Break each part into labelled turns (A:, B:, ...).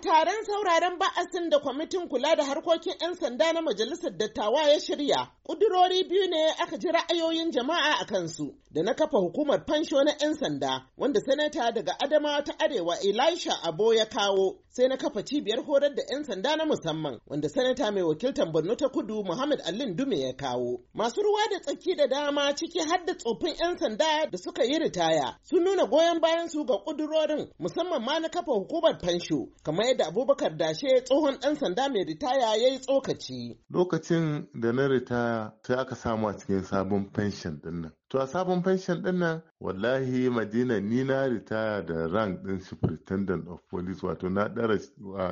A: taron sauraren ba'asin da kwamitin kula da harkokin 'yan sanda na majalisar dattawa ya shirya, ƙudurori biyu ne aka ji ra'ayoyin jama'a a kansu da na kafa hukumar fansho na 'yan sanda wanda sanata daga Adama ta Arewa Elisha Abo ya kawo sai na kafa cibiyar horar da 'yan sanda na musamman wanda sanata mai wakiltar Borno ta Kudu Muhammad Allin Dume ya kawo. Masu ruwa da tsaki da dama ciki har da tsofin 'yan sanda da suka yi ritaya sun nuna goyon bayan su ga ƙudurorin musamman ma na kafa hukumar fansho kamar da Abubakar Dashe tsohon ɗan sanda mai ritaya ya yi tsokaci.
B: Lokacin da na ritaya sai aka samu a cikin sabon fenshin dinnan. To a sabon fenshin dinnan wallahi Madina ni na ritaya da rank ɗin superintendent of police wato na dara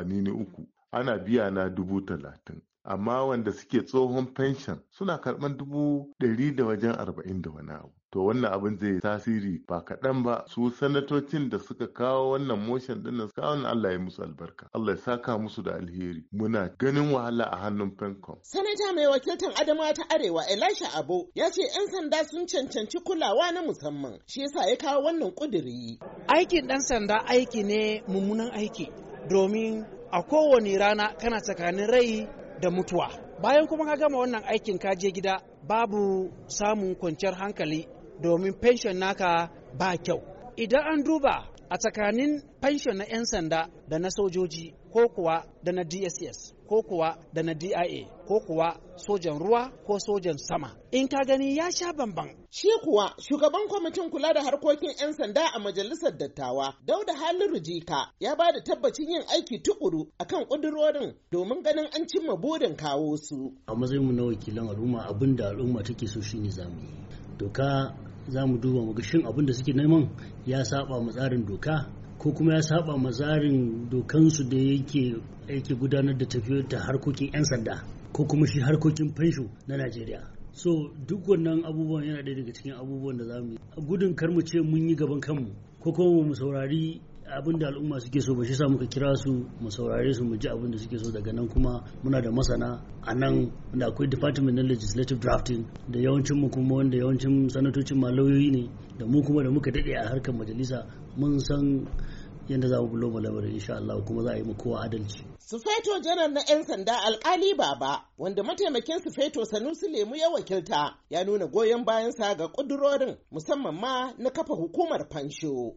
B: ni ne uku. Ana biya na dubu talatin. amma wanda suke tsohon fenshon suna karɓan dubu ɗari da wajen arba'in da wani abu to wannan abin zai tasiri ba kaɗan ba su sanatocin da suka kawo wannan motion ɗin nan kawo Allah ya musu albarka Allah ya saka musu da alheri muna ganin wahala a hannun Fencom.
A: Sanata mai wakiltar Adamawa ta Arewa Elisha Abo ya ce 'yan sanda sun cancanci kulawa na musamman shi yasa ya kawo wannan ƙudiri. Aikin ɗan sanda aiki ne mummunan aiki
C: domin a kowane rana kana tsakanin rai da mutuwa bayan kuma ka gama wannan aikin ka je gida babu samun kwanciyar hankali domin pension naka ba kyau idan an duba a tsakanin pension na 'yan sanda da na sojoji ko kuwa da na dss ko kuwa da na DIA ko kuwa
A: sojan ruwa ko sojan sama. In ka gani ya sha bamban. Shi kuwa shugaban kwamitin kula da harkokin 'yan sanda a majalisar dattawa Dauda halin Jika ya ba da tabbacin yin aiki tukuru akan kudurorin domin ganin an cimma burin kawo su. A matsayin mu
D: na wakilan al'umma abin da al'umma take so shi ne zamu yi. Doka za mu duba mu ga shin abin da suke neman ya saba mu tsarin doka ko kuma ya saba mazarin dokansu da yake aiki gudanar da tafiyar da harkokin 'yan sanda ko kuma shi harkokin fansho na najeriya so duk wannan abubuwan yana ɗaya daga cikin abubuwan da za mu yi gudun kar mu ce mun yi gaban kanmu ko kuma mu saurari abin da al'umma suke so ba shi sa muka kira su mu saurare su mu ji abin da suke so daga nan kuma muna da masana a nan da akwai department na legislative drafting da yawancin mu kuma wanda yawancin sanatocin ma lauyoyi ne da mu kuma da muka dade a harkar majalisa mun san yadda za mu bulo mu lamarin insha Allah kuma za a yi mu kowa adalci.
A: Sufeto janar na 'yan sanda alkali baba wanda mataimakin sufeto Sanusi Lemu ya wakilta ya nuna goyon bayansa ga kudurorin musamman ma na kafa hukumar fansho.